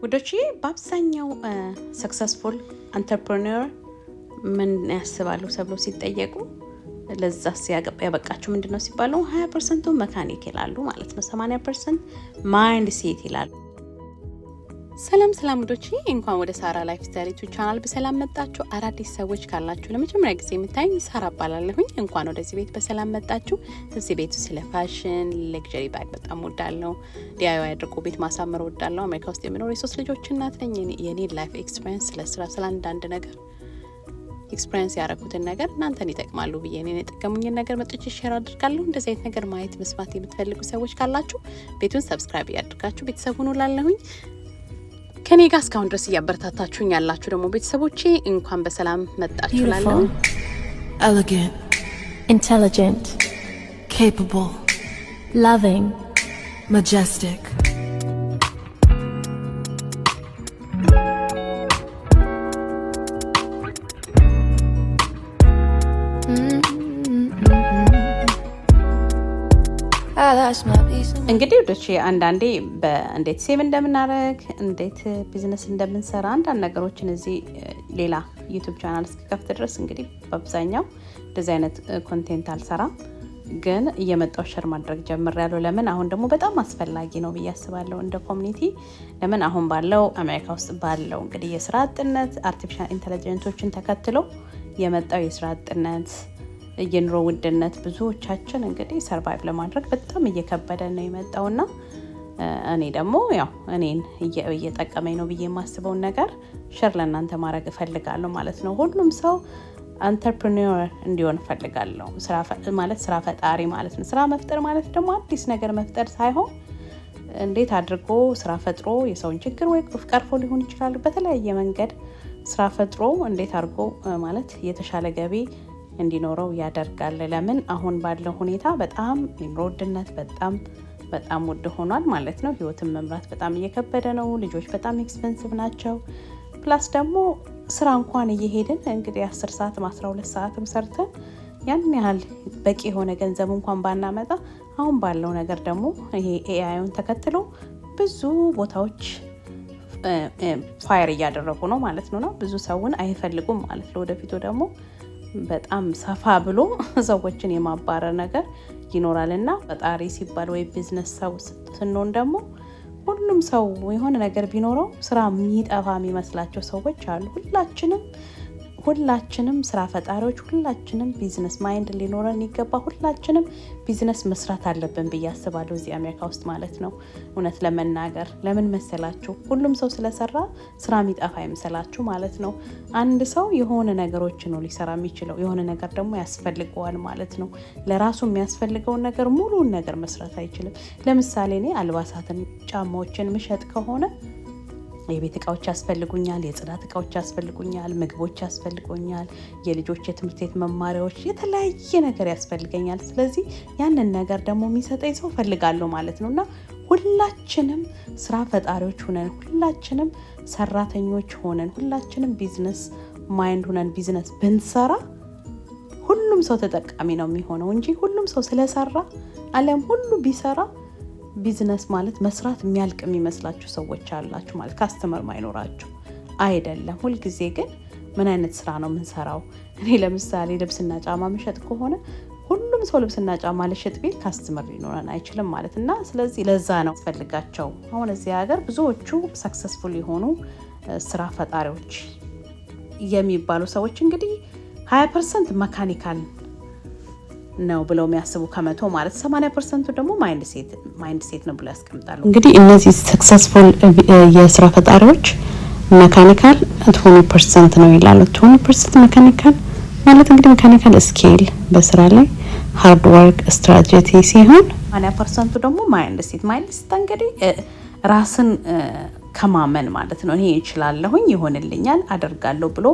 ወዶች በአብዛኛው ሰክሰስፉል አንተርፕረነር ምን ያስባሉ ተብሎ ሲጠየቁ ለዛ ያበቃቸው ምንድን ነው ሲባሉ ሀያ ፐርሰንቱ መካኒክ ይላሉ ማለት ነው። ሰማኒያ ፐርሰንት ማይንድ ሴት ይላሉ። ሰላም ሰላም ውዶች እንኳን ወደ ሳራ ላይፍ ስታይል ዩቲዩብ ቻናል በሰላም መጣችሁ። አዳዲስ ሰዎች ካላችሁ ለመጀመሪያ ጊዜ የምታዩኝ ሳራ እባላለሁኝ። እንኳን ወደዚህ ቤት በሰላም መጣችሁ። እዚህ ቤቱ ስለ ፋሽን፣ ለግዠሪ ባግ በጣም ወዳለው ዲያዩ ያድርጉ ቤት ማሳመር ወዳለው አሜሪካ ውስጥ የምኖር የሶስት ልጆች እናት ነኝ። የኔ ላይፍ ኤክስፒሪየንስ ስለ ስራ፣ ስለ አንዳንድ ነገር ኤክስፒሪየንስ ያደረኩትን ነገር እናንተን ይጠቅማሉ ብዬ እኔን የጠቀሙኝን ነገር መጥቼ ሼር አድርጋለሁ። እንደዚህ አይነት ነገር ማየት መስማት የምትፈልጉ ሰዎች ካላችሁ ቤቱን ሰብስክራይብ ያድርጋችሁ ቤተሰብ ሁኑ ላለሁኝ ከኔ ጋር እስካሁን ድረስ እያበረታታችሁኝ ያላችሁ ደግሞ ቤተሰቦቼ እንኳን በሰላም መጣችሁ እላለሁ። ኤሌጋንት ኢንቴሊጀንት ኬፓብል ላቪንግ ማጀስቲክ እንግዲህ ውዶች አንዳንዴ እንዴት ሴም እንደምናደርግ እንዴት ቢዝነስ እንደምንሰራ አንዳንድ ነገሮችን እዚህ ሌላ ዩቱብ ቻናል እስከከፍት ድረስ እንግዲህ በአብዛኛው እንደዚህ አይነት ኮንቴንት አልሰራም፣ ግን እየመጣው ሸር ማድረግ ጀምሬያለሁ። ለምን አሁን ደግሞ በጣም አስፈላጊ ነው ብዬ አስባለሁ እንደ ኮሚኒቲ። ለምን አሁን ባለው አሜሪካ ውስጥ ባለው እንግዲህ የስራ አጥነት አርቲፊሻል ኢንቴሊጀንሶችን ተከትሎ የመጣው የስራ አጥነት የኑሮ ውድነት ብዙዎቻችን እንግዲህ ሰርቫይቭ ለማድረግ በጣም እየከበደ ነው ና እኔ ደግሞ ያው እኔን እየጠቀመኝ ነው ብዬ የማስበውን ነገር ሽር ለእናንተ ማድረግ እፈልጋለሁ ማለት ነው። ሁሉም ሰው አንተርፕሪኒር እንዲሆን እፈልጋለሁ። ማለት ስራ ፈጣሪ ማለት ነው። ስራ መፍጠር ማለት ደግሞ አዲስ ነገር መፍጠር ሳይሆን እንዴት አድርጎ ስራ ፈጥሮ የሰውን ችግር ወይ ቀርፎ ሊሆን ይችላል። በተለያየ መንገድ ስራ ፈጥሮ እንዴት አድርጎ ማለት የተሻለ ገቢ እንዲኖረው ያደርጋል። ለምን አሁን ባለው ሁኔታ በጣም የኑሮ ውድነት በጣም በጣም ውድ ሆኗል ማለት ነው። ህይወትን መምራት በጣም እየከበደ ነው። ልጆች በጣም ኤክስፐንሲቭ ናቸው። ፕላስ ደግሞ ስራ እንኳን እየሄድን እንግዲህ አስር ሰዓትም 12 ሁለት ሰዓትም ሰርተን ያን ያህል በቂ የሆነ ገንዘብ እንኳን ባናመጣ አሁን ባለው ነገር ደግሞ ይሄ ኤአይን ተከትሎ ብዙ ቦታዎች ፋየር እያደረጉ ነው ማለት ነው። ብዙ ሰውን አይፈልጉም ማለት ነው። ወደፊቱ ደግሞ በጣም ሰፋ ብሎ ሰዎችን የማባረር ነገር ይኖራል እና ፈጣሪ ሲባል ወይ ቢዝነስ ሰው ስንሆን ደግሞ ሁሉም ሰው የሆነ ነገር ቢኖረው ስራ የሚጠፋ የሚመስላቸው ሰዎች አሉ። ሁላችንም ሁላችንም ስራ ፈጣሪዎች፣ ሁላችንም ቢዝነስ ማይንድ ሊኖረን ይገባ። ሁላችንም ቢዝነስ መስራት አለብን ብዬ አስባለሁ፣ እዚህ አሜሪካ ውስጥ ማለት ነው። እውነት ለመናገር ለምን መሰላችሁ? ሁሉም ሰው ስለሰራ ስራ የሚጠፋ አይምሰላችሁ ማለት ነው። አንድ ሰው የሆነ ነገሮች ነው ሊሰራ የሚችለው፣ የሆነ ነገር ደግሞ ያስፈልገዋል ማለት ነው። ለራሱ የሚያስፈልገውን ነገር ሙሉውን ነገር መስራት አይችልም። ለምሳሌ እኔ አልባሳትን፣ ጫማዎችን ምሸጥ ከሆነ የቤት እቃዎች ያስፈልጉኛል፣ የጽዳት እቃዎች ያስፈልጉኛል፣ ምግቦች ያስፈልጉኛል፣ የልጆች የትምህርት ቤት መማሪያዎች፣ የተለያየ ነገር ያስፈልገኛል። ስለዚህ ያንን ነገር ደግሞ የሚሰጠኝ ሰው ፈልጋለሁ ማለት ነው እና ሁላችንም ስራ ፈጣሪዎች ሆነን ሁላችንም ሰራተኞች ሆነን ሁላችንም ቢዝነስ ማይንድ ሆነን ቢዝነስ ብንሰራ ሁሉም ሰው ተጠቃሚ ነው የሚሆነው እንጂ ሁሉም ሰው ስለሰራ አለም ሁሉ ቢሰራ ቢዝነስ ማለት መስራት የሚያልቅ የሚመስላችሁ ሰዎች አላችሁ፣ ማለት ካስተመር ማይኖራችሁ አይደለም። ሁልጊዜ ግን ምን አይነት ስራ ነው የምንሰራው? እኔ ለምሳሌ ልብስና ጫማ መሸጥ ከሆነ ሁሉም ሰው ልብስና ጫማ ልሸጥ ቢል ካስተመር ሊኖረን አይችልም ማለት እና ስለዚህ ለዛ ነው ያስፈልጋቸው። አሁን እዚህ ሀገር ብዙዎቹ ሰክሰስፉል የሆኑ ስራ ፈጣሪዎች የሚባሉ ሰዎች እንግዲህ 20 ፐርሰንት መካኒካል ነው ብለው የሚያስቡ ከመቶ ማለት 80 ፐርሰንቱ ደግሞ ማይንድ ሴት ነው ብለው ያስቀምጣሉ። እንግዲህ እነዚህ ሰክሰስፉል uh, uh, የስራ ፈጣሪዎች መካኒካል ትሆኒ ፐርሰንት ነው ይላሉ። ትሆኒ ፐርሰንት መካኒካል ማለት እንግዲህ መካኒካል ስኬል በስራ ላይ ሃርድ ወርክ ስትራቴጂ ሲሆን 80 ፐርሰንቱ ደግሞ ማይንድ ሴት ማይንድ ሴት እንግዲህ uh, ራስን ከማመን ማለት ነው። እኔ እችላለሁኝ፣ ይሆንልኛል፣ አደርጋለሁ ብሎ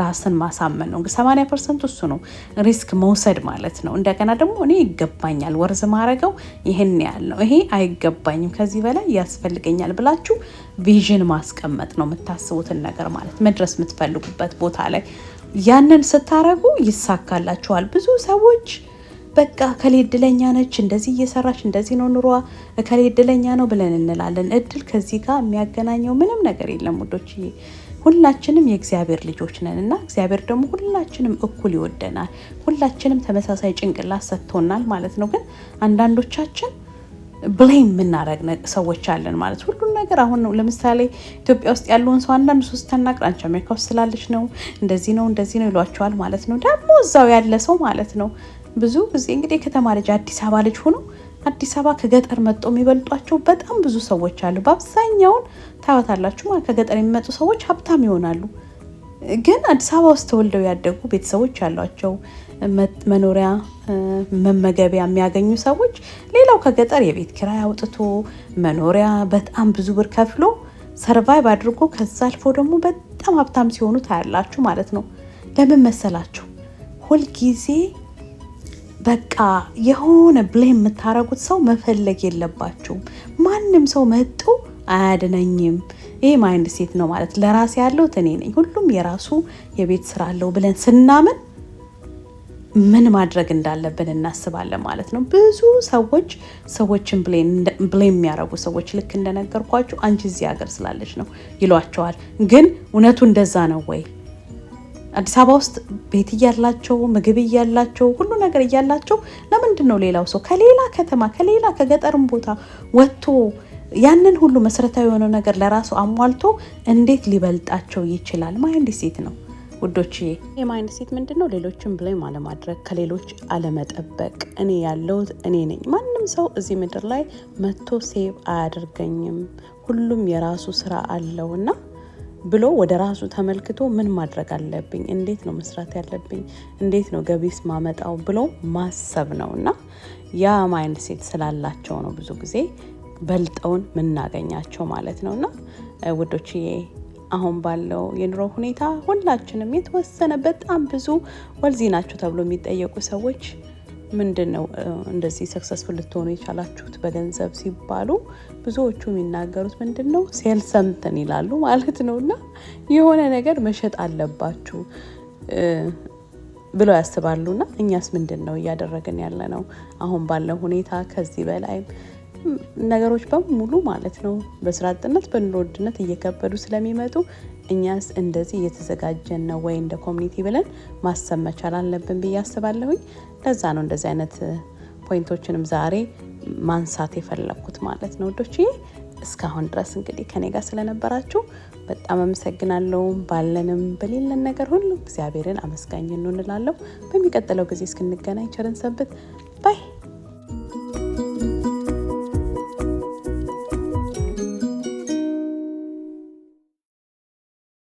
ራስን ማሳመን ነው። እንግዲህ 80 ፐርሰንት እሱ ነው፣ ሪስክ መውሰድ ማለት ነው። እንደገና ደግሞ እኔ ይገባኛል፣ ወርዝ ማረገው ይህን ያህል ነው፣ ይሄ አይገባኝም፣ ከዚህ በላይ ያስፈልገኛል ብላችሁ ቪዥን ማስቀመጥ ነው። የምታስቡትን ነገር ማለት መድረስ የምትፈልጉበት ቦታ ላይ ያንን ስታረጉ ይሳካላችኋል። ብዙ ሰዎች በቃ እከሌ እድለኛ ነች፣ እንደዚህ እየሰራች እንደዚህ ነው ኑሯ፣ እከሌ እድለኛ ነው ብለን እንላለን። እድል ከዚህ ጋር የሚያገናኘው ምንም ነገር የለም ውዶች። ሁላችንም የእግዚአብሔር ልጆች ነን እና እግዚአብሔር ደግሞ ሁላችንም እኩል ይወደናል። ሁላችንም ተመሳሳይ ጭንቅላት ሰጥቶናል ማለት ነው። ግን አንዳንዶቻችን ብሌም የምናደረግ ሰዎች አለን ማለት ሁሉን ነገር አሁን ለምሳሌ ኢትዮጵያ ውስጥ ያለውን ሰው አንዳንድ ሶስት ስታናግር አንቺ አሜሪካ ውስጥ ስላለች ነው እንደዚህ ነው እንደዚህ ነው ይሏቸዋል ማለት ነው። ደግሞ እዛው ያለ ሰው ማለት ነው ብዙ ጊዜ እንግዲህ ከተማ ልጅ አዲስ አበባ ልጅ ሆኖ አዲስ አበባ ከገጠር መጥቶ የሚበልጧቸው በጣም ብዙ ሰዎች አሉ። በአብዛኛውን ታዩታላችሁ ማለት ከገጠር የሚመጡ ሰዎች ሀብታም ይሆናሉ። ግን አዲስ አበባ ውስጥ ተወልደው ያደጉ ቤተሰቦች ያሏቸው መኖሪያ፣ መመገቢያ የሚያገኙ ሰዎች፣ ሌላው ከገጠር የቤት ኪራይ አውጥቶ መኖሪያ በጣም ብዙ ብር ከፍሎ ሰርቫይቭ አድርጎ ከዛ አልፎ ደግሞ በጣም ሀብታም ሲሆኑ ታያላችሁ ማለት ነው። ለምን መሰላችሁ ሁልጊዜ በቃ የሆነ ብሌም የምታረጉት ሰው መፈለግ የለባችሁም። ማንም ሰው መጡ አያድነኝም። ይሄ ማይንድ ሴት ነው ማለት ለራሴ ያለው እኔ ነኝ፣ ሁሉም የራሱ የቤት ስራ አለው ብለን ስናምን ምን ማድረግ እንዳለብን እናስባለን ማለት ነው። ብዙ ሰዎች ሰዎችን ብሌም የሚያረጉ ሰዎች ልክ እንደነገርኳችሁ አንቺ እዚህ ሀገር ስላለች ነው ይሏቸዋል። ግን እውነቱ እንደዛ ነው ወይ? አዲስ አበባ ውስጥ ቤት እያላቸው ምግብ እያላቸው ሁሉ ነገር እያላቸው ለምንድን ነው ሌላው ሰው ከሌላ ከተማ ከሌላ ከገጠርም ቦታ ወጥቶ ያንን ሁሉ መሰረታዊ የሆነ ነገር ለራሱ አሟልቶ እንዴት ሊበልጣቸው ይችላል? ማይንድ ሴት ነው ውዶች። የማይንድ ሴት ምንድን ነው? ሌሎችን ብላይ አለማድረግ፣ ከሌሎች አለመጠበቅ። እኔ ያለሁት እኔ ነኝ። ማንም ሰው እዚህ ምድር ላይ መጥቶ ሴቭ አያደርገኝም። ሁሉም የራሱ ስራ አለውና? እና ብሎ ወደ ራሱ ተመልክቶ ምን ማድረግ አለብኝ፣ እንዴት ነው መስራት ያለብኝ፣ እንዴት ነው ገቢስ ማመጣው ብሎ ማሰብ ነው እና ያ ማይንድ ሴት ስላላቸው ነው ብዙ ጊዜ በልጠውን ምናገኛቸው ማለት ነው እና ውዶችዬ አሁን ባለው የኑሮ ሁኔታ ሁላችንም የተወሰነ በጣም ብዙ ወልዚ ናቸው ተብሎ የሚጠየቁ ሰዎች ምንድን ነው እንደዚህ ሰክሰስፉል ልትሆኑ የቻላችሁት በገንዘብ ሲባሉ ብዙዎቹ የሚናገሩት ምንድን ነው ሴል ሰምትን ይላሉ ማለት ነው። እና የሆነ ነገር መሸጥ አለባችሁ ብለው እና እኛስ ምንድን ነው እያደረግን ያለ ነው አሁን ባለው ሁኔታ ከዚህ በላይ ነገሮች በሙሉ ማለት ነው በስራ አጥነት በኑሮ ውድነት እየከበዱ ስለሚመጡ እኛስ እንደዚህ እየተዘጋጀን ነው ወይ እንደ ኮሚኒቲ ብለን ማሰብ መቻል አለብን ብዬ አስባለሁኝ። ለዛ ነው እንደዚህ አይነት ፖይንቶችንም ዛሬ ማንሳት የፈለግኩት ማለት ነው ወዶች እስካሁን ድረስ እንግዲህ ከኔ ጋር ስለነበራችሁ በጣም አመሰግናለሁ። ባለንም በሌለን ነገር ሁሉ እግዚአብሔርን አመስጋኝ እንሆንላለሁ። በሚቀጥለው ጊዜ እስክንገናኝ ቸርን ሰንብት ባይ